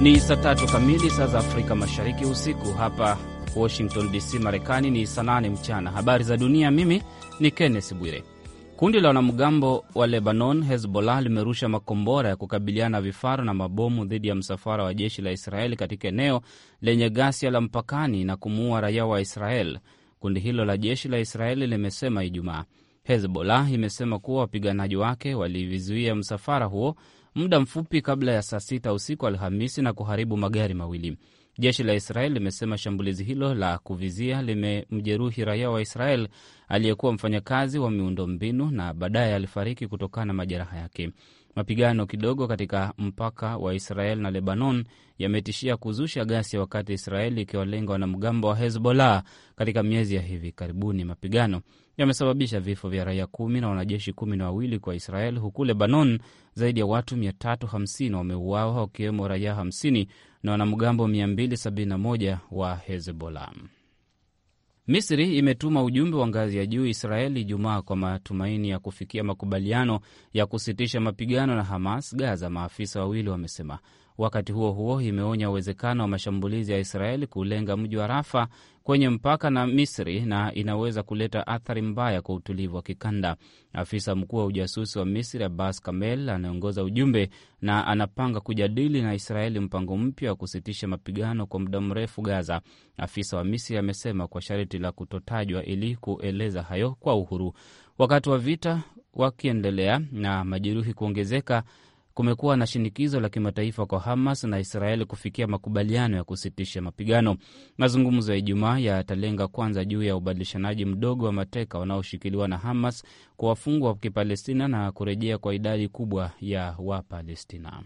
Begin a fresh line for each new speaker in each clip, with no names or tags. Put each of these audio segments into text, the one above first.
Ni saa tatu kamili saa za Afrika Mashariki usiku. Hapa Washington DC, Marekani ni saa nane mchana. Habari za dunia, mimi ni kennes Bwire. Kundi la wanamgambo wa Lebanon Hezbollah limerusha makombora ya kukabiliana vifaru na mabomu dhidi ya msafara wa jeshi la Israeli katika eneo lenye ghasia la mpakani na kumuua raia wa Israel. Kundi hilo la jeshi la Israeli limesema Ijumaa. Hezbollah imesema kuwa wapiganaji wake walivizuia msafara huo muda mfupi kabla ya saa sita usiku Alhamisi na kuharibu magari mawili. Jeshi la Israel limesema shambulizi hilo la kuvizia limemjeruhi raia wa Israel aliyekuwa mfanyakazi wa miundombinu na baadaye alifariki kutokana na majeraha yake. Mapigano kidogo katika mpaka wa Israel na Lebanon yametishia kuzusha ghasia, wakati Israel ikiwalenga wanamgambo wa Hezbollah katika miezi ya hivi karibuni. Mapigano yamesababisha vifo vya raia kumi na wanajeshi kumi na wawili kwa Israel, huku Lebanon zaidi ya watu 350 wameuawa wakiwemo raia 50 na wanamgambo 271 wa Hezbollah. Misri imetuma ujumbe wa ngazi ya juu israeli Ijumaa kwa matumaini ya kufikia makubaliano ya kusitisha mapigano na Hamas Gaza, maafisa wawili wamesema. Wakati huo huo, imeonya uwezekano wa mashambulizi ya Israeli kulenga mji wa Rafa kwenye mpaka na Misri na inaweza kuleta athari mbaya kwa utulivu wa kikanda. Afisa mkuu wa ujasusi wa Misri Abbas Kamel anaongoza ujumbe na anapanga kujadili na Israeli mpango mpya wa kusitisha mapigano kwa muda mrefu Gaza. Afisa wa Misri amesema kwa sharti la kutotajwa ili kueleza hayo kwa uhuru. Wakati wa vita wakiendelea na majeruhi kuongezeka kumekuwa na shinikizo la kimataifa kwa Hamas na Israeli kufikia makubaliano ya kusitisha mapigano. Mazungumzo ya Ijumaa yatalenga kwanza juu ya ubadilishanaji mdogo wa mateka wanaoshikiliwa na Hamas kwa wafungwa wa Kipalestina na kurejea kwa idadi kubwa ya Wapalestina.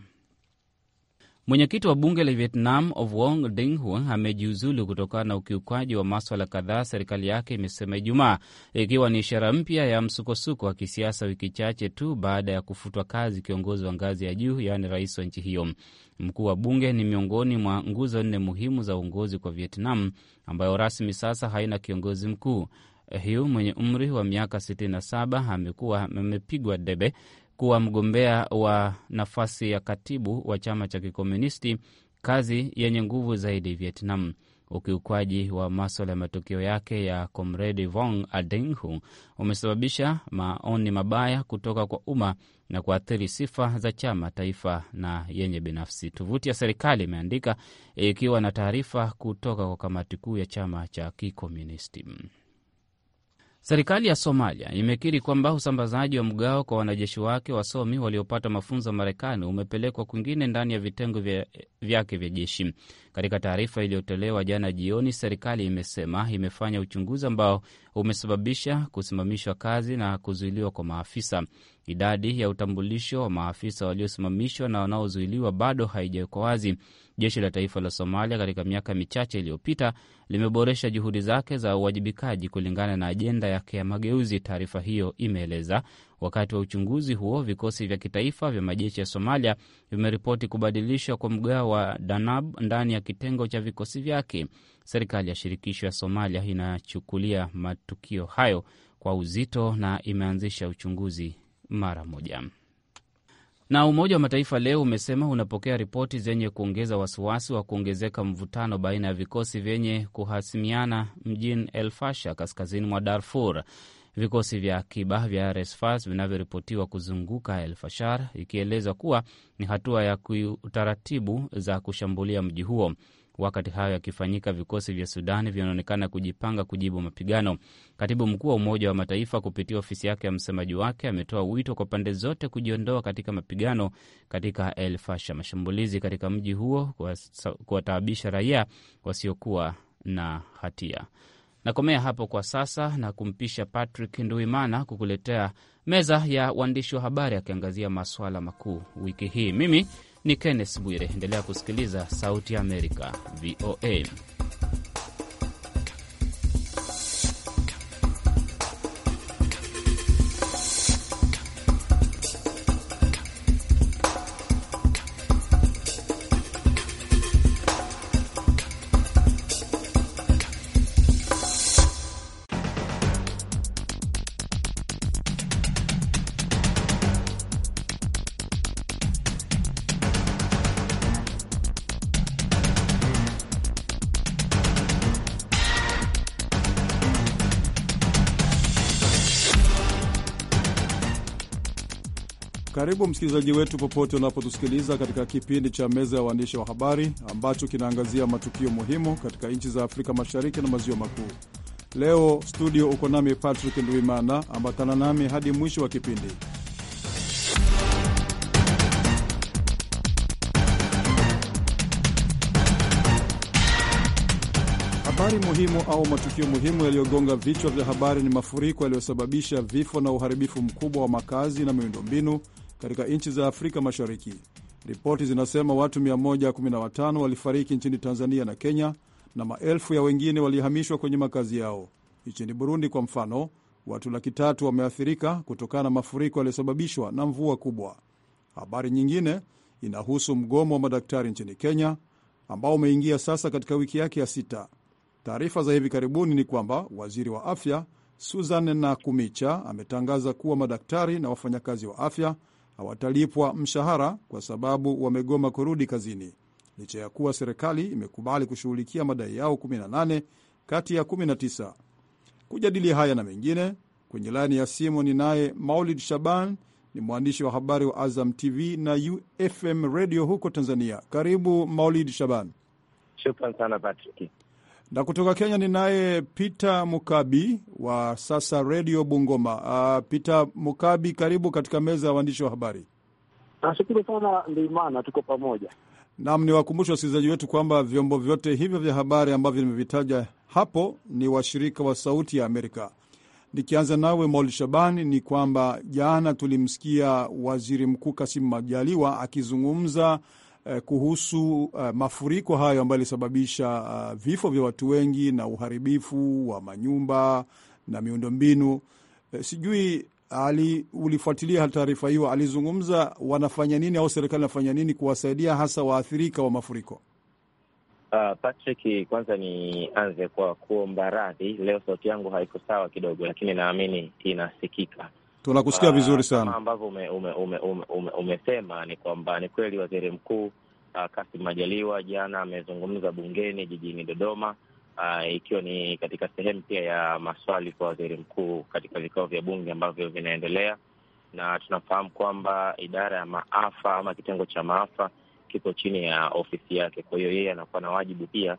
Mwenyekiti wa bunge la Vietnam Ovong Dinghu amejiuzulu kutokana na ukiukwaji wa maswala kadhaa serikali yake imesema Ijumaa, ikiwa ni ishara mpya ya msukosuko wa kisiasa, wiki chache tu baada ya kufutwa kazi kiongozi wa ngazi ya juu, yaani rais wa nchi hiyo. Mkuu wa bunge ni miongoni mwa nguzo nne muhimu za uongozi kwa Vietnam, ambayo rasmi sasa haina kiongozi mkuu. Hiu mwenye umri wa miaka 67 amekuwa amepigwa debe kuwa mgombea wa nafasi ya katibu wa chama cha kikomunisti, kazi yenye nguvu zaidi Vietnam. Ukiukwaji wa maswala ya matukio yake ya komredi Vong Adenhu umesababisha maoni mabaya kutoka kwa umma na kuathiri sifa za chama taifa na yenye binafsi. Tovuti ya serikali imeandika ikiwa na taarifa kutoka kwa kamati kuu ya chama cha kikomunisti. Serikali ya Somalia imekiri kwamba usambazaji wa mgao kwa wanajeshi wake wasomi waliopata mafunzo Marekani umepelekwa kwingine ndani ya vitengo vyake vya jeshi. Katika taarifa iliyotolewa jana jioni, serikali imesema imefanya uchunguzi ambao umesababisha kusimamishwa kazi na kuzuiliwa kwa maafisa. Idadi ya utambulisho wa maafisa waliosimamishwa na wanaozuiliwa bado haijawekwa wazi. Jeshi la taifa la Somalia katika miaka michache iliyopita limeboresha juhudi zake za uwajibikaji kulingana na ajenda yake ya mageuzi, taarifa hiyo imeeleza, Wakati wa uchunguzi huo, vikosi vya kitaifa vya majeshi ya Somalia vimeripoti kubadilishwa kwa mgao wa Danab ndani ya kitengo cha vikosi vyake. Serikali ya shirikisho ya Somalia inachukulia matukio hayo kwa uzito na imeanzisha uchunguzi mara moja. Na Umoja wa Mataifa leo umesema unapokea ripoti zenye kuongeza wasiwasi wa kuongezeka mvutano baina ya vikosi vyenye kuhasimiana mjini El kaskazini mwa Darfur vikosi vya akiba vya RSFAS vinavyoripotiwa kuzunguka El Fashar, ikielezwa kuwa ni hatua ya kiutaratibu za kushambulia mji huo. Wakati hayo yakifanyika, vikosi vya Sudani vinaonekana kujipanga kujibu mapigano. Katibu mkuu wa Umoja wa Mataifa kupitia ofisi yake ya msemaji wake ametoa wito kwa pande zote kujiondoa katika mapigano katika El Fasha. Mashambulizi katika mji huo kuwataabisha raia wasiokuwa na hatia. Nakomea hapo kwa sasa na kumpisha Patrick Nduimana kukuletea meza ya waandishi wa habari akiangazia masuala makuu wiki hii. Mimi ni Kenneth Bwire, endelea kusikiliza Sauti ya Amerika, VOA.
msikilizaji wetu popote unapotusikiliza katika kipindi cha meza ya waandishi wa habari ambacho kinaangazia matukio muhimu katika nchi za Afrika Mashariki na Maziwa Makuu. Leo studio uko nami Patrick Ndwimana, ambatana nami hadi mwisho wa kipindi. Habari muhimu au matukio muhimu yaliyogonga vichwa vya habari ni mafuriko yaliyosababisha vifo na uharibifu mkubwa wa makazi na miundombinu katika nchi za Afrika Mashariki. Ripoti zinasema watu 115 walifariki nchini Tanzania na Kenya na maelfu ya wengine walihamishwa kwenye makazi yao. Nchini Burundi kwa mfano, watu laki tatu wameathirika kutokana na mafuriko yaliyosababishwa na mvua kubwa. Habari nyingine inahusu mgomo wa madaktari nchini Kenya ambao umeingia sasa katika wiki yake ya sita. Taarifa za hivi karibuni ni kwamba waziri wa afya Susan Nakumicha ametangaza kuwa madaktari na wafanyakazi wa afya hawatalipwa mshahara kwa sababu wamegoma kurudi kazini, licha ya kuwa serikali imekubali kushughulikia madai yao 18 kati ya 19. Kujadili haya na mengine, kwenye laini ya simu ni naye Maulid Shaban, ni mwandishi wa habari wa Azam TV na UFM Radio huko Tanzania. Karibu Maulid Shaban. Shukran sana Patrick. Na kutoka Kenya ninaye Peter Mukabi wa sasa redio Bungoma. Uh, Peter Mukabi, karibu katika meza ya waandishi wa habari.
Nashukuru sana Ndimana, tuko pamoja
nam. Ni wakumbusha wasikilizaji wetu kwamba vyombo vyote hivyo vya habari ambavyo nimevitaja hapo ni washirika wa Sauti ya Amerika. Nikianza nawe Maul Shabani, ni kwamba jana tulimsikia Waziri Mkuu Kasimu Majaliwa akizungumza Eh, kuhusu uh, mafuriko hayo ambayo alisababisha uh, eh, vifo vya watu wengi na uharibifu wa manyumba na miundombinu uh, sijui ali ulifuatilia taarifa hiyo, alizungumza wanafanya nini au serikali inafanya nini kuwasaidia hasa waathirika wa mafuriko? Uh,
Patrick, kwanza nianze kwa kuomba radhi, leo sauti yangu haiko sawa kidogo, lakini naamini inasikika.
Tunakusikia ah, vizuri sana.
Ambavyo umesema ume, ume, ume, ume ni kwamba ni kweli waziri mkuu uh, Kassim Majaliwa jana amezungumza bungeni jijini Dodoma, uh, ikiwa ni katika sehemu pia ya maswali kwa waziri mkuu katika vikao vya bunge ambavyo vinaendelea, na tunafahamu kwamba idara ya maafa ama kitengo cha maafa kiko chini ya ofisi yake. Kwa hiyo yeye anakuwa na wajibu pia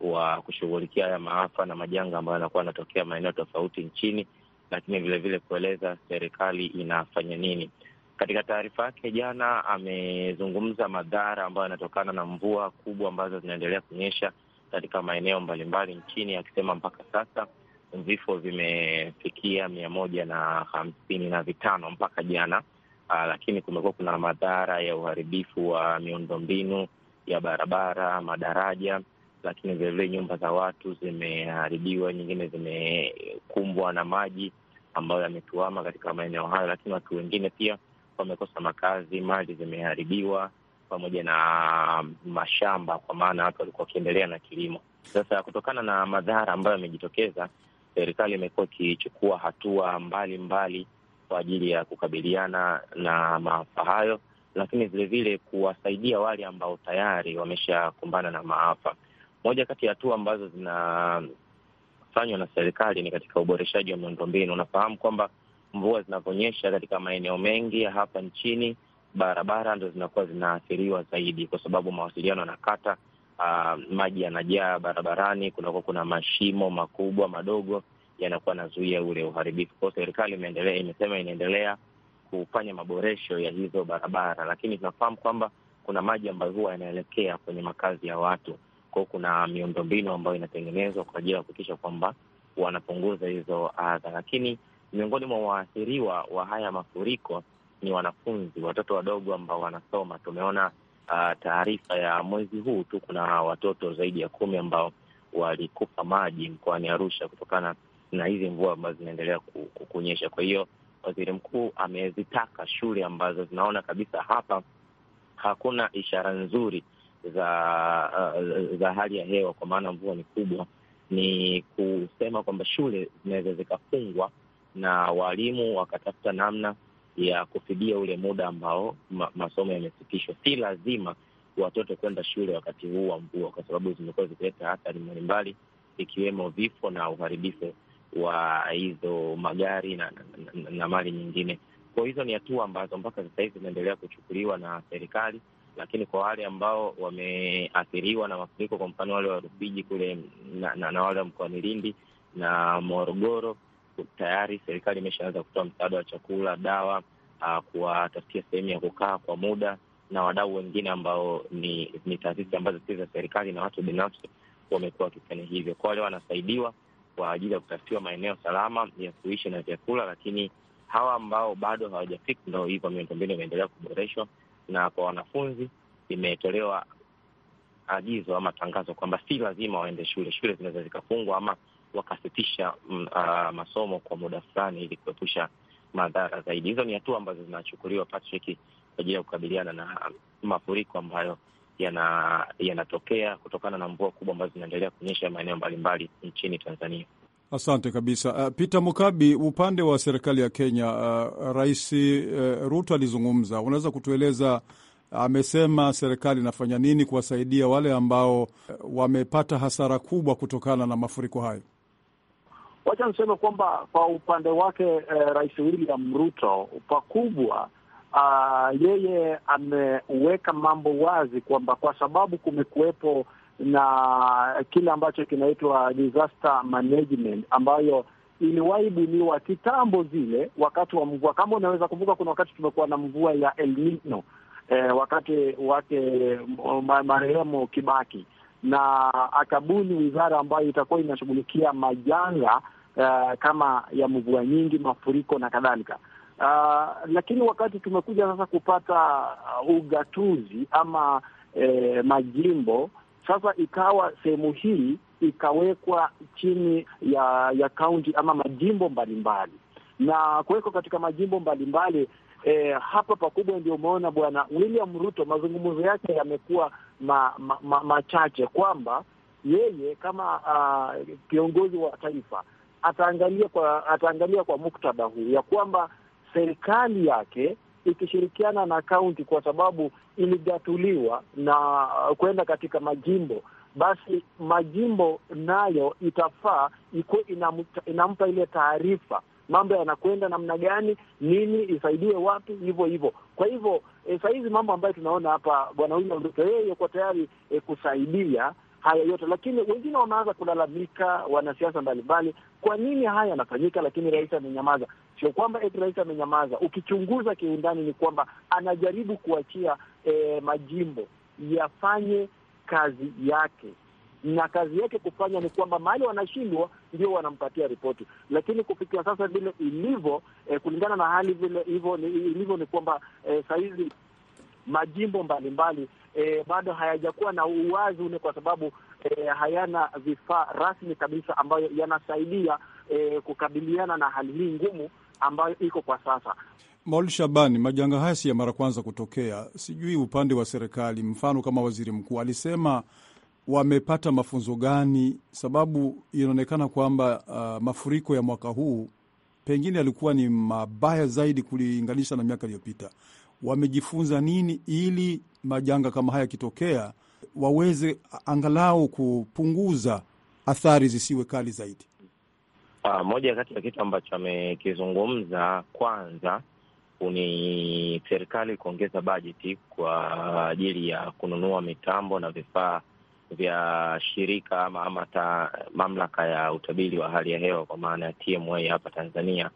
wa kushughulikia haya maafa na majanga ambayo yanakuwa yanatokea maeneo tofauti nchini lakini vilevile kueleza serikali inafanya nini. Katika taarifa yake jana, amezungumza madhara ambayo yanatokana na mvua kubwa ambazo zinaendelea kunyesha katika maeneo mbalimbali nchini, akisema mpaka sasa vifo vimefikia mia moja na hamsini na vitano mpaka jana. Aa, ah, lakini kumekuwa kuna madhara ya uharibifu wa miundombinu ya barabara, madaraja, lakini vilevile nyumba za watu zimeharibiwa, nyingine zimekumbwa na maji ambayo yametuama katika maeneo hayo, lakini watu wengine pia wamekosa makazi, mali zimeharibiwa pamoja na mashamba, kwa maana watu walikuwa wakiendelea na kilimo. Sasa kutokana na madhara ambayo yamejitokeza, serikali imekuwa ikichukua hatua mbalimbali mbali kwa ajili ya kukabiliana na maafa hayo, lakini vilevile kuwasaidia wale ambao tayari wameshakumbana na maafa. Moja kati ya hatua ambazo zina yanayofanywa na serikali ni katika uboreshaji wa miundombinu. Unafahamu kwamba mvua zinavyonyesha katika maeneo mengi ya hapa nchini, barabara ndo zinakuwa zinaathiriwa zaidi, kwa sababu mawasiliano yanakata, uh, maji yanajaa barabarani, kunakuwa kuna mashimo makubwa madogo yanakuwa nazuia ule uharibifu. Kwao serikali imeendelea, imesema inaendelea kufanya maboresho ya hizo barabara, lakini tunafahamu kwamba kuna maji ambayo huwa yanaelekea kwenye makazi ya watu kwao kuna miundombinu ambayo inatengenezwa kwa ajili ya kuhakikisha kwamba wanapunguza hizo adha, lakini miongoni mwa waathiriwa wa haya mafuriko ni wanafunzi, watoto wadogo ambao wanasoma. Tumeona uh, taarifa ya mwezi huu tu kuna watoto zaidi ya kumi ambao walikufa maji mkoani Arusha kutokana na hizi mvua ambazo zinaendelea kunyesha. Kwa hiyo waziri mkuu amezitaka shule ambazo zinaona kabisa hapa hakuna ishara nzuri za uh, za hali ya hewa, kwa maana mvua ni kubwa, ni kusema kwamba shule zinaweza zikafungwa na walimu wakatafuta namna ya kufidia ule muda ambao ma, masomo yamesitishwa. Si lazima watoto kwenda shule wakati huu wa mvua, kwa sababu zimekuwa zikileta athari mbalimbali, ikiwemo vifo na uharibifu wa hizo magari na, na, na, na mali nyingine. Kwa hizo ni hatua ambazo mpaka sasa hivi zinaendelea kuchukuliwa na serikali lakini kwa wale ambao wameathiriwa na mafuriko, kwa mfano wale wa Rufiji kule na, na, na wale wa mkoani Lindi na Morogoro, tayari serikali imeshaanza kutoa msaada wa chakula, dawa, ah, kuwatafutia sehemu ya kukaa kwa muda, na wadau wengine ambao ni, ni taasisi ambazo si za serikali na watu binafsi wamekuwa wakifanya hivyo. Kwa wale wanasaidiwa kwa ajili ya kutafutiwa maeneo salama ya kuishi na vyakula, lakini hawa ambao bado hawajafika, ndo hivyo miundombinu imeendelea kuboreshwa na kwa wanafunzi imetolewa agizo ama tangazo kwamba si lazima waende shule. Shule zinaweza zikafungwa ama wakasitisha uh, masomo kwa muda fulani ili kuepusha madhara zaidi. Hizo ni hatua ambazo zinachukuliwa, Patrick, kwa ajili ya kukabiliana na mafuriko ambayo yanatokea yana kutokana na mvua kubwa ambazo zinaendelea kuonyesha maeneo mbalimbali nchini Tanzania.
Asante kabisa uh, Peter Mukabi. Upande wa serikali ya Kenya, uh, Rais uh, Ruto alizungumza, unaweza kutueleza uh, amesema serikali inafanya nini kuwasaidia wale ambao uh, wamepata hasara kubwa kutokana na mafuriko hayo?
Wacha niseme kwamba kwa upande wake uh, Rais William Ruto pakubwa, uh, yeye ameweka mambo wazi kwamba kwa sababu kumekuwepo na kile ambacho kinaitwa disaster management ambayo iliwahi buniwa kitambo zile wakati wa mvua. Kama unaweza kumbuka, kuna wakati tumekuwa na mvua ya El Nino eh, wakati wake marehemu Kibaki, na akabuni wizara ambayo itakuwa inashughulikia majanga uh, kama ya mvua nyingi, mafuriko na kadhalika. Uh, lakini wakati tumekuja sasa kupata uh, ugatuzi ama eh, majimbo sasa ikawa sehemu hii ikawekwa chini ya ya kaunti ama majimbo mbalimbali na kuwekwa katika majimbo mbalimbali. Eh, hapa pakubwa ndio umeona Bwana William Ruto mazungumzo yake yamekuwa machache ma, ma, ma kwamba yeye kama uh, kiongozi wa taifa ataangalia kwa ataangalia kwa muktadha huu ya kwamba serikali yake ikishirikiana na kaunti, kwa sababu iligatuliwa na uh, kwenda katika majimbo, basi majimbo nayo itafaa ikuwe inampa ile taarifa mambo yanakwenda namna gani, nini isaidie watu, hivyo hivyo. Kwa hivyo e, eh, saa hizi mambo ambayo tunaona hapa, bwana William Ruto yeye yuko tayari e, kusaidia haya yote, lakini wengine wameanza kulalamika, wanasiasa mbalimbali, kwa nini haya yanafanyika, lakini rais amenyamaza. Sio kwamba eti rais amenyamaza, ukichunguza kiundani ni kwamba anajaribu kuachia eh, majimbo yafanye kazi yake na kazi yake kufanya ni kwamba mahali wanashindwa ndio wanampatia ripoti, lakini kufikia sasa vile ilivyo, eh, kulingana na hali vile hivyo ilivyo ni kwamba eh, sahizi majimbo mbalimbali e, bado hayajakuwa na uwazi ule, kwa sababu e, hayana vifaa rasmi kabisa ambayo yanasaidia e, kukabiliana na hali hii ngumu ambayo iko kwa sasa.
Maul Shabani, majanga haya si ya mara kwanza kutokea. Sijui upande wa serikali, mfano kama waziri mkuu alisema wamepata mafunzo gani? Sababu inaonekana kwamba uh, mafuriko ya mwaka huu pengine yalikuwa ni mabaya zaidi kulinganisha na miaka iliyopita wamejifunza nini ili majanga kama haya yakitokea waweze angalau kupunguza athari zisiwe kali zaidi?
Uh, moja kati ya kitu ambacho amekizungumza kwanza ni serikali kuongeza bajeti kwa ajili ya kununua mitambo na vifaa vya shirika ama ta mamlaka ya utabiri wa hali ya hewa kwa maana ya TMA hapa Tanzania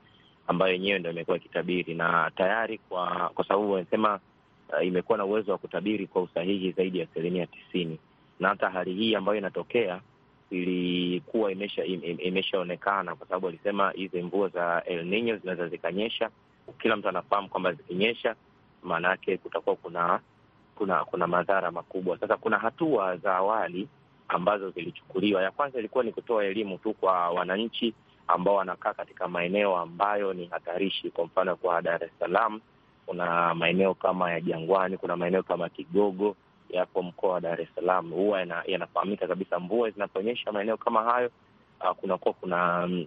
ambayo yenyewe ndo imekuwa ikitabiri na tayari kwa kwa sababu wanasema uh, imekuwa na uwezo wa kutabiri kwa usahihi zaidi ya asilimia tisini na hata hali hii ambayo inatokea ilikuwa imeshaonekana imesha, kwa sababu walisema hizi mvua za El Nino zinaweza zikanyesha. Kila mtu anafahamu kwamba zikinyesha, maana yake kutakuwa kuna kuna kuna madhara makubwa. Sasa kuna hatua za awali ambazo zilichukuliwa. Ya kwanza ilikuwa ni kutoa elimu tu kwa wananchi ambao wanakaa katika maeneo ambayo ni hatarishi. Kwa mfano kwa Dar es Salaam kuna maeneo kama ya Jangwani, kuna maeneo kama Kigogo yapo mkoa wa Dar es Salaam. Huwa yanafahamika kabisa, mvua zinaponyesha maeneo kama hayo uh, kunakuwa kuna mm,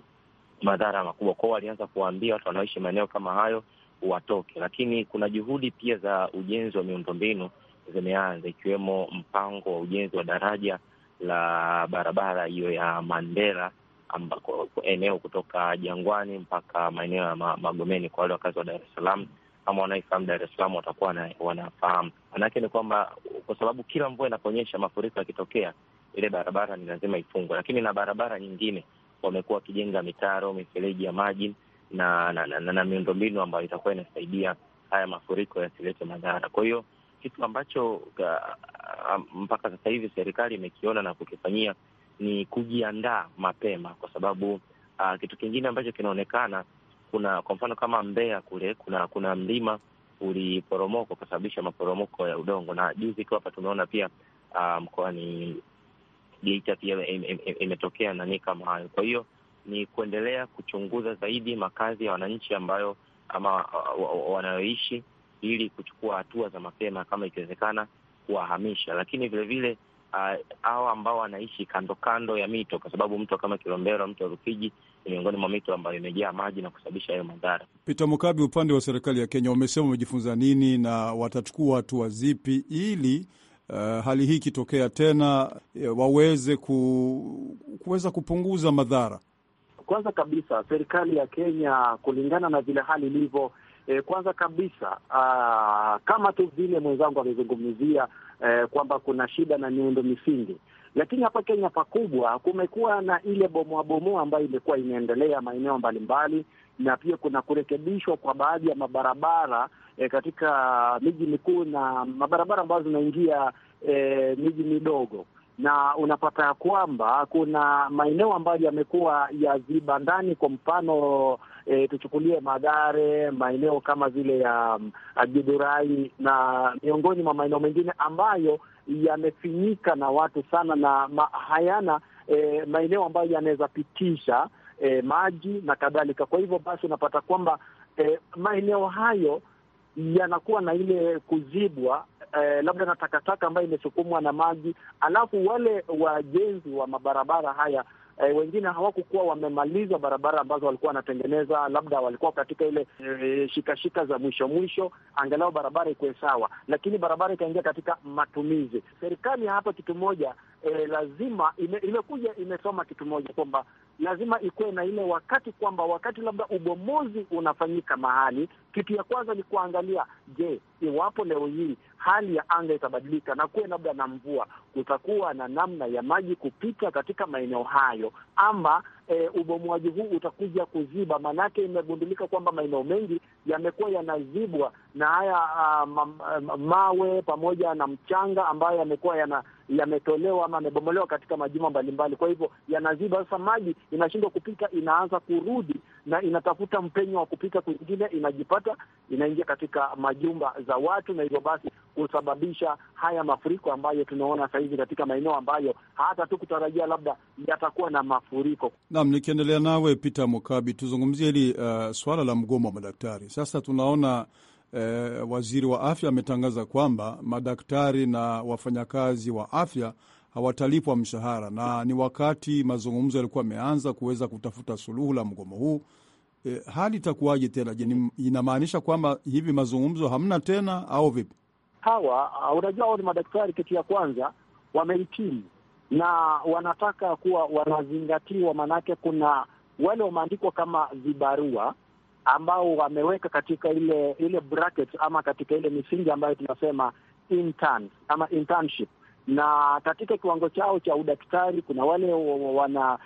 madhara makubwa kwao. Walianza kuwaambia watu wanaoishi maeneo kama hayo watoke, lakini kuna juhudi pia za ujenzi wa miundombinu zimeanza, ikiwemo mpango wa ujenzi wa daraja la barabara hiyo ya Mandela ambako eneo kutoka Jangwani mpaka maeneo ya Magomeni. Kwa wale wakazi wa Dar es Salaam ama wanaifahamu Dar es Salaam watakuwa wanafahamu. Manake ni kwamba kwa sababu kila mvua inaponyesha, mafuriko yakitokea, ile barabara ni lazima ifungwe, lakini na barabara nyingine wamekuwa wakijenga mitaro, mifereji ya maji na na, na, na, na miundombinu ambayo itakuwa inasaidia haya mafuriko yasilete madhara. Kwa hiyo kitu ambacho uh, uh, mpaka sasa hivi serikali imekiona na kukifanyia ni kujiandaa mapema, kwa sababu uh, kitu kingine ambacho kinaonekana kuna kwa mfano kama Mbeya kule kuna kuna mlima uliporomoka ukasababisha maporomoko ya udongo, na juzi tu hapa tumeona pia uh, mkoani Geita pia imetokea em, em, nani kama hayo. Kwa hiyo ni kuendelea kuchunguza zaidi makazi ya wananchi ambayo ama wanayoishi, ili kuchukua hatua za mapema kama ikiwezekana kuwahamisha, lakini vilevile hawa uh, ambao wanaishi kando kando ya mito, kwa sababu mto kama Kilombero, mto Rufiji ni miongoni mwa mito ambayo imejaa maji na kusababisha hayo
madhara. Peter Mukabi, upande wa serikali ya Kenya wamesema wamejifunza nini na watachukua hatua zipi ili uh, hali hii ikitokea tena eh, waweze ku, kuweza kupunguza madhara?
Kwanza kabisa serikali ya Kenya kulingana na vile hali ilivyo, eh, kwanza kabisa uh, kama tu vile mwenzangu amezungumzia eh, kwamba kuna shida na miundo misingi. Lakini hapa Kenya pakubwa kumekuwa na ile bomoa bomoa ambayo imekuwa inaendelea maeneo mbalimbali, na pia kuna kurekebishwa kwa baadhi ya mabarabara eh, katika miji mikuu na mabarabara ambayo zinaingia eh, miji midogo na unapata ya kwamba kuna maeneo ambayo yamekuwa ya vibandani, kwa mfano E, tuchukulie Mathare, maeneo kama vile ya um, na miongoni mwa maeneo mengine ambayo yamefinyika na watu sana na ma, hayana e, maeneo ambayo yanaweza pitisha e, maji na kadhalika. Kwa hivyo basi unapata kwamba e, maeneo hayo yanakuwa na ile kuzibwa e, labda na takataka ambayo imesukumwa na maji, alafu wale wajenzi wa mabarabara haya e, wengine hawakukuwa wamemaliza barabara ambazo walikuwa wanatengeneza, labda walikuwa katika ile e, eh, shikashika za mwisho mwisho, angalau barabara ikuwe sawa, lakini barabara ikaingia katika matumizi. Serikali hapa kitu moja e, lazima ime, imekuja imesoma kitu moja kwamba lazima ikuwe na ile wakati kwamba wakati labda ubomozi unafanyika mahali, kitu ya kwanza ni kuangalia, je, iwapo leo hii hali ya anga itabadilika na kuwe labda na mvua, kutakuwa na namna ya maji kupita katika maeneo hayo, ama e, ubomoaji huu utakuja kuziba. Maanake imegundulika kwamba maeneo mengi yamekuwa yanazibwa na haya uh, ma, ma, mawe pamoja na mchanga ambayo yamekuwa yana yametolewa ama yamebomolewa katika majumba mbalimbali. Kwa hivyo yanaziba sasa, maji inashindwa kupita, inaanza kurudi na inatafuta mpenyo wa kupita kwingine, inajipata inaingia katika majumba za watu, na hivyo basi kusababisha haya mafuriko ambayo tunaona sasa hivi katika maeneo ambayo hata tu kutarajia labda yatakuwa
na mafuriko. Naam, nikiendelea nawe Peter Mokabi, tuzungumzie hili uh, swala la mgomo wa madaktari. Sasa tunaona uh, waziri wa afya ametangaza kwamba madaktari na wafanyakazi wa afya hawatalipwa mshahara na ni wakati mazungumzo yalikuwa yameanza kuweza kutafuta suluhu la mgomo huu. E, hali itakuwaje tena? Je, inamaanisha kwamba hivi mazungumzo hamna tena au vipi?
hawa, uh, unajua hao ni madaktari, kitu ya kwanza wamehitimu na wanataka kuwa wanazingatiwa, maanake kuna wale wameandikwa kama vibarua ambao wameweka katika ile ile bracket ama katika ile misingi ambayo tunasema ama internship. Na katika kiwango chao cha udaktari kuna wale wana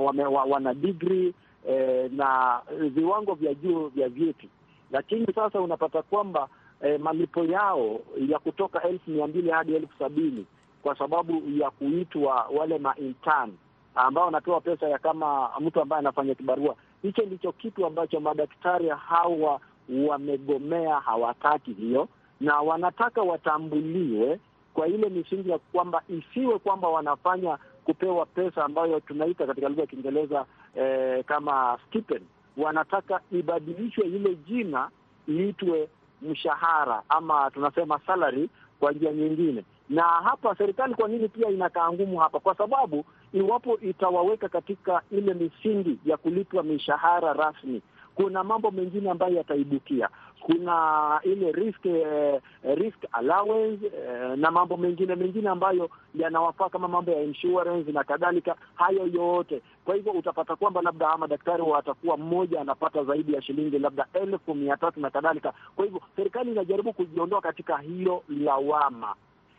wame, wana degree eh, na viwango vya juu vya vyeti, lakini sasa unapata kwamba eh, malipo yao ya kutoka elfu mia mbili hadi elfu sabini kwa sababu ya kuitwa wale maintern ambao wanapewa pesa ya kama mtu ambaye anafanya kibarua. Hicho ndicho kitu ambacho madaktari hawa wamegomea, hawataki hiyo, na wanataka watambuliwe kwa ile misingi ya kwamba isiwe kwamba wanafanya kupewa pesa ambayo tunaita katika lugha ya Kiingereza eh, kama stipend. Wanataka ibadilishwe ile jina iitwe mshahara ama tunasema salary kwa njia nyingine. Na hapa serikali kwa nini pia inakaa ngumu hapa? Kwa sababu iwapo itawaweka katika ile misingi ya kulipwa mishahara rasmi kuna mambo mengine ambayo yataibukia. Kuna ile risk, eh, risk allowance eh, na mambo mengine mengine ambayo yanawafaa kama mambo ya insurance na kadhalika, hayo yote. Kwa hivyo utapata kwamba labda madaktari watakuwa mmoja anapata zaidi ya shilingi labda elfu mia tatu na kadhalika. Kwa hivyo serikali inajaribu kujiondoa katika hiyo lawama,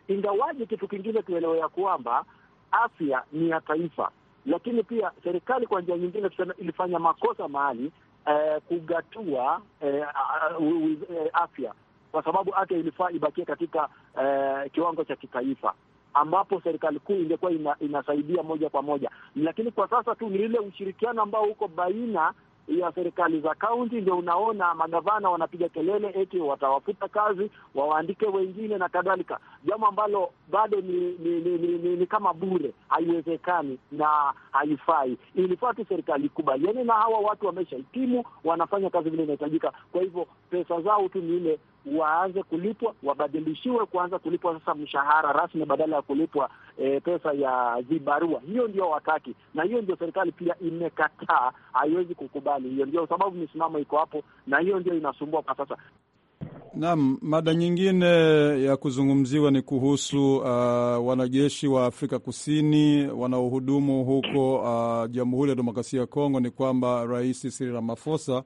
ingawaji kitu kingine tuelewe ya kwamba afya ni ya taifa, lakini pia serikali kwa njia nyingine ilifanya makosa mahali eh, kugatua eh, eh, afya, kwa sababu afya ilifaa ibakie katika eh, kiwango cha kitaifa ambapo serikali kuu ingekuwa ina, inasaidia moja kwa moja, lakini kwa sasa tu ni ile ushirikiano ambao uko baina ya serikali za kaunti, ndio unaona magavana wanapiga kelele eti watawafuta kazi, wawaandike wengine na kadhalika, jambo ambalo bado ni ni, ni, ni, ni ni kama bure, haiwezekani na haifai. Ilifaa tu serikali ikubaliane yaani na hawa watu, wameshahitimu wanafanya kazi vile inahitajika. Kwa hivyo pesa zao tu ni ile waanze kulipwa, wabadilishiwe kuanza kulipwa sasa mshahara rasmi badala ya kulipwa e, pesa ya vibarua. Hiyo ndio wataki, na hiyo ndio serikali pia imekataa, haiwezi kukubali. Hiyo ndio sababu misimamo iko hapo, na hiyo ndio inasumbua kwa sasa.
Naam, mada nyingine ya kuzungumziwa ni kuhusu uh, wanajeshi wa Afrika Kusini wanaohudumu huko uh, Jamhuri ya Demokrasia ya Kongo. Ni kwamba Rais Cyril Ramaphosa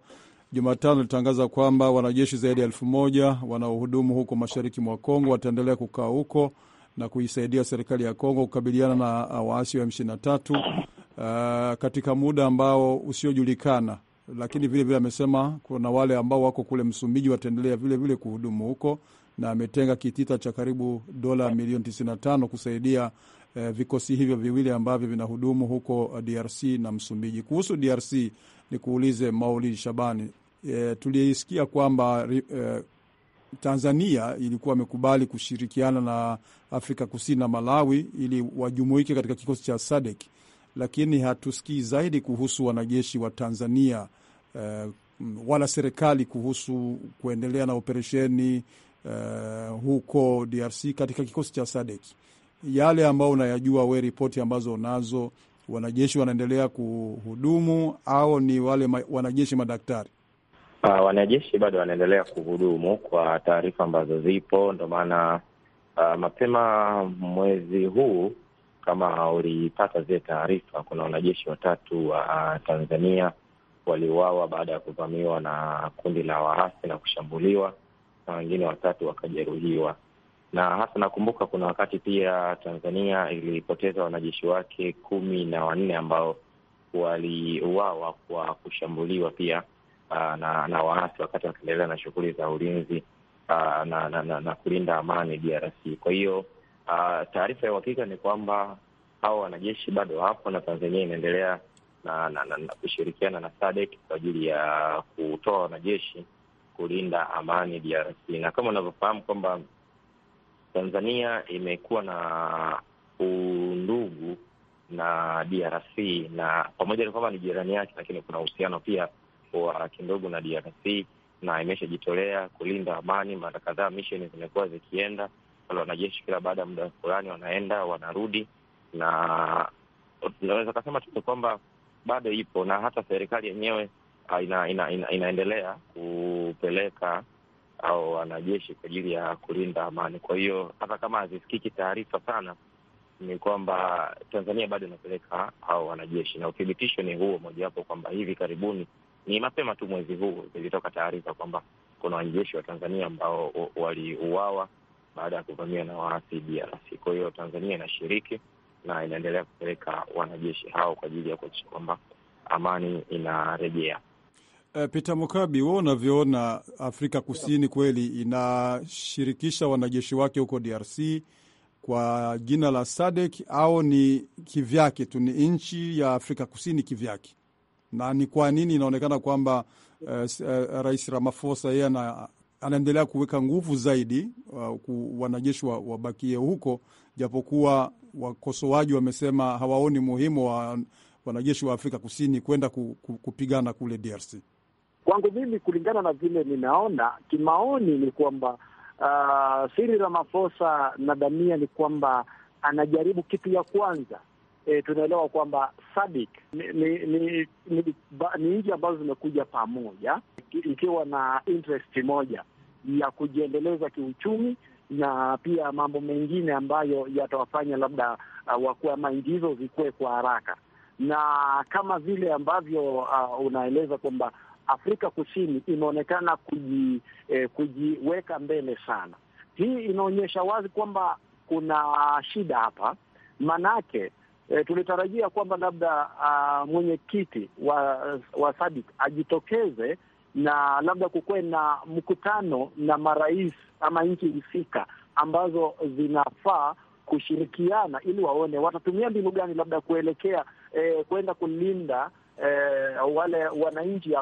Jumatano ilitangaza kwamba wanajeshi zaidi ya elfu moja wanaohudumu huko mashariki mwa Kongo wataendelea kukaa huko na kuisaidia serikali ya Kongo kukabiliana na uh, waasi wa M23 uh, katika muda ambao usiojulikana. Lakini vilevile amesema kuna wale ambao wako kule Msumbiji wataendelea vilevile kuhudumu huko, na ametenga kitita cha karibu dola milioni 95 kusaidia uh, vikosi hivyo viwili ambavyo vinahudumu huko uh, DRC na Msumbiji. Kuhusu DRC nikuulize kuulize Shabani, e, eh, tulisikia kwamba e, Tanzania ilikuwa amekubali kushirikiana na Afrika Kusini na Malawi ili wajumuike katika kikosi cha SADC, lakini hatusikii zaidi kuhusu wanajeshi wa Tanzania e, wala serikali kuhusu kuendelea na operesheni e, huko DRC katika kikosi cha SADC. Yale ambayo unayajua we, ripoti ambazo unazo, wanajeshi wanaendelea kuhudumu au ni wale ma, wanajeshi madaktari?
Uh, wanajeshi bado wanaendelea kuhudumu kwa taarifa ambazo zipo, ndo maana uh, mapema mwezi huu kama ulipata zile taarifa, kuna wanajeshi watatu wa ah, Tanzania waliuawa baada ya kuvamiwa na kundi la waasi na kushambuliwa na wengine watatu wakajeruhiwa. Na hasa nakumbuka kuna wakati pia Tanzania ilipoteza wanajeshi wake kumi na wanne ambao waliuawa kwa kushambuliwa pia Ah, na, na waasi wakati wakiendelea na shughuli za ulinzi ah, na, na, na, na kulinda amani DRC. Kwa hiyo ah, taarifa ya uhakika ni kwamba hawa wanajeshi bado hapo na Tanzania inaendelea na, na, na, na kushirikiana na SADC kwa ajili ya kutoa wanajeshi kulinda amani DRC, na kama unavyofahamu kwamba Tanzania imekuwa na undugu na DRC na pamoja na kwamba ni jirani yake, lakini kuna uhusiano pia wa Kindugu na DRC na imeshajitolea kulinda amani. Mara kadhaa misheni zimekuwa zikienda wale wanajeshi, kila baada ya muda fulani wanaenda wanarudi, na tunaweza kasema tu kwamba bado ipo, na hata serikali yenyewe ah, ina, ina, ina, inaendelea kupeleka au ah, wanajeshi kwa ajili ya kulinda amani. Kwa hiyo hata kama hazisikiki taarifa sana, ni kwamba Tanzania bado inapeleka au wanajeshi, na uthibitisho ni huo mojawapo kwamba hivi karibuni ni mapema tu mwezi huu zilitoka taarifa kwamba kuna wanajeshi wa Tanzania ambao waliuawa baada ya kuvamia na waasi DRC. Kwa hiyo Tanzania inashiriki na inaendelea kupeleka wanajeshi hao kwa ajili ya kuhakikisha kwamba amani inarejea.
Eh, Peter Mukabi, wewe unavyoona, Afrika Kusini kweli inashirikisha wanajeshi wake huko DRC kwa jina la SADC au ni kivyake tu, ni nchi ya Afrika Kusini kivyake? na ni kwa nini inaonekana kwamba uh, uh, Rais Ramaphosa yeye ana anaendelea kuweka nguvu zaidi uh, wanajeshi wabakie huko, japokuwa wakosoaji wamesema hawaoni muhimu wa wanajeshi wa Afrika Kusini kwenda ku, ku, kupigana kule DRC.
Kwangu mimi, kulingana na vile ninaona kimaoni, ni kwamba uh, ramafosa Ramaphosa nadhania ni kwamba anajaribu kitu ya kwanza e, tunaelewa kwamba SADC ni, ni, ni, ni, ni nchi ambazo zimekuja pamoja ikiwa na interest moja ya kujiendeleza kiuchumi na pia mambo mengine ambayo yatawafanya labda uh, wakuwe ama nchi hizo zikuwe kwa haraka, na kama vile ambavyo uh, unaeleza kwamba Afrika Kusini imeonekana kuji, eh, kujiweka mbele sana. Hii inaonyesha wazi kwamba kuna shida hapa, manake E, tulitarajia kwamba labda uh, mwenyekiti wa, wa SADC ajitokeze na labda kukuwe na mkutano na marais ama nchi husika ambazo zinafaa kushirikiana ili waone watatumia mbinu gani labda kuelekea e, kwenda kulinda e, wale wananchi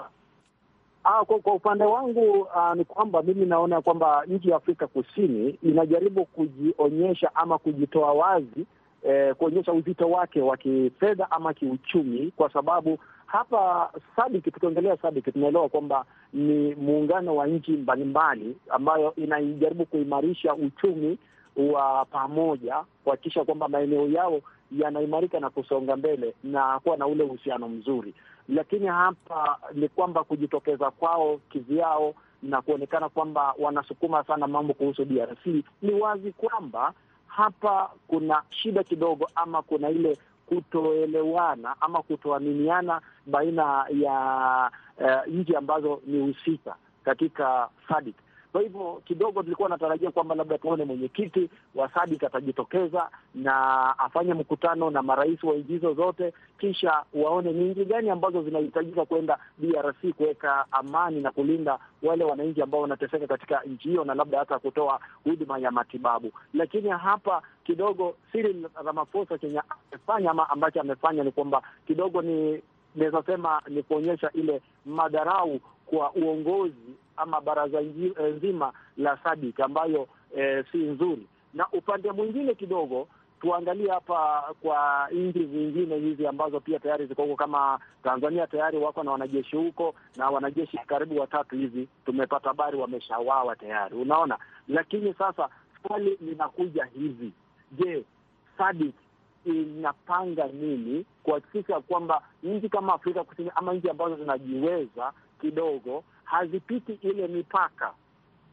Ah, kwa, kwa upande wangu ah, ni kwamba mimi naona kwamba nchi ya Afrika Kusini inajaribu kujionyesha ama kujitoa wazi eh, kuonyesha uzito wake wa kifedha ama kiuchumi, kwa sababu hapa SADC tukiongelea SADC tunaelewa kwamba ni muungano wa nchi mbalimbali ambayo inajaribu kuimarisha uchumi wa pamoja, kuhakikisha kwamba maeneo yao yanaimarika na kusonga mbele na kuwa na ule uhusiano mzuri. Lakini hapa ni kwamba kujitokeza kwao kivyao na kuonekana kwamba wanasukuma sana mambo kuhusu DRC, ni wazi kwamba hapa kuna shida kidogo, ama kuna ile kutoelewana ama kutoaminiana baina ya uh, nchi ambazo ni husika katika SADC. Kwa hivyo kidogo tulikuwa natarajia kwamba labda tuone mwenyekiti wa SADC atajitokeza na afanye mkutano na marais wa nchi hizo zote, kisha waone ni nchi gani ambazo zinahitajika kwenda DRC kuweka amani na kulinda wale wananchi ambao wanateseka katika nchi hiyo, na labda hata kutoa huduma ya matibabu. Lakini hapa kidogo Cyril Ramaphosa chenye amefanya ama ambacho amefanya ni kwamba kidogo ni naweza sema ni kuonyesha ile madharau kwa uongozi ama baraza eh, nzima la Sadik ambayo e, si nzuri. Na upande mwingine kidogo tuangalie hapa kwa nchi zingine hizi ambazo pia tayari ziko huko, kama Tanzania tayari wako na wanajeshi huko, na wanajeshi karibu watatu hivi tumepata habari wameshawawa tayari, unaona. Lakini sasa swali linakuja hivi, je, Sadik inapanga nini kuhakikisha kwamba nchi kama Afrika Kusini ama nchi ambazo zinajiweza kidogo hazipiti ile mipaka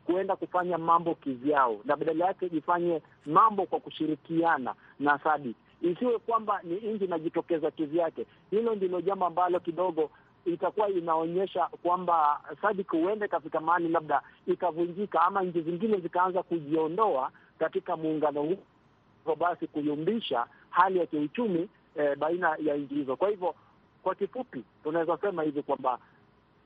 kuenda kufanya mambo kivyao, na badala yake ifanye mambo kwa kushirikiana na sadi, isiwe kwamba ni nchi inajitokeza kivyake. Hilo ndilo jambo ambalo kidogo itakuwa inaonyesha kwamba sadik huenda ikafika mahali labda ikavunjika, ama nchi zingine zikaanza kujiondoa katika muungano huu, hivyo basi kuyumbisha hali ya kiuchumi eh, baina ya nchi hizo. Kwa hivyo, kwa kifupi, tunaweza sema hivi kwamba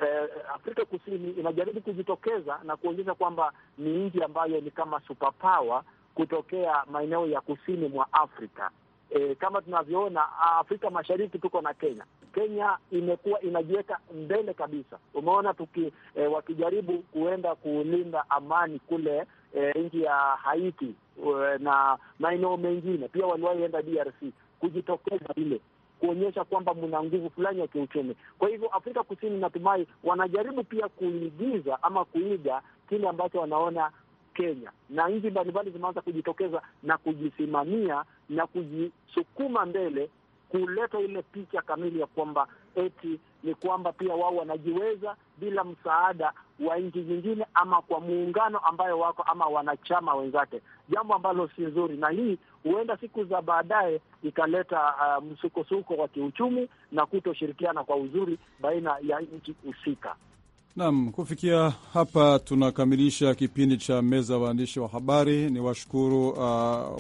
eh, Afrika Kusini inajaribu kujitokeza na kuonyesha kwamba ni nchi ambayo ni kama superpower kutokea maeneo ya kusini mwa Afrika. E, kama tunavyoona Afrika Mashariki tuko na Kenya. Kenya imekuwa inajiweka mbele kabisa, umeona tuki e, wakijaribu kuenda kulinda amani kule e, nchi ya Haiti e, na maeneo mengine pia, waliwahi enda DRC kujitokeza ile kuonyesha kwamba mna nguvu fulani ya kiuchumi. Kwa hivyo, Afrika Kusini natumai wanajaribu pia kuigiza ama kuiga kile ambacho wanaona Kenya na nchi mbalimbali zimeanza kujitokeza na kujisimamia na kujisukuma mbele kuleta ile picha kamili ya kwamba eti ni kwamba pia wao wanajiweza bila msaada wa nchi nyingine ama kwa muungano ambayo wako ama wanachama wenzake, jambo ambalo si nzuri, na hii huenda siku za baadaye ikaleta uh, msukosuko wa kiuchumi na kutoshirikiana kwa uzuri baina ya nchi husika.
Naam, kufikia hapa tunakamilisha kipindi cha meza ya waandishi wa habari. Ni washukuru uh,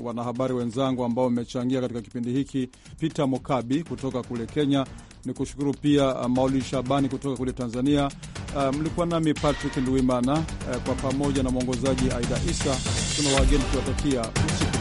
wanahabari wenzangu ambao wamechangia katika kipindi hiki, Peter Mokabi kutoka kule Kenya, ni kushukuru pia uh, Maulid Shabani kutoka kule Tanzania. Uh, mlikuwa nami Patrick Nduimana, uh, kwa pamoja na mwongozaji Aida Isa, tuna wageni kuwatakia usiku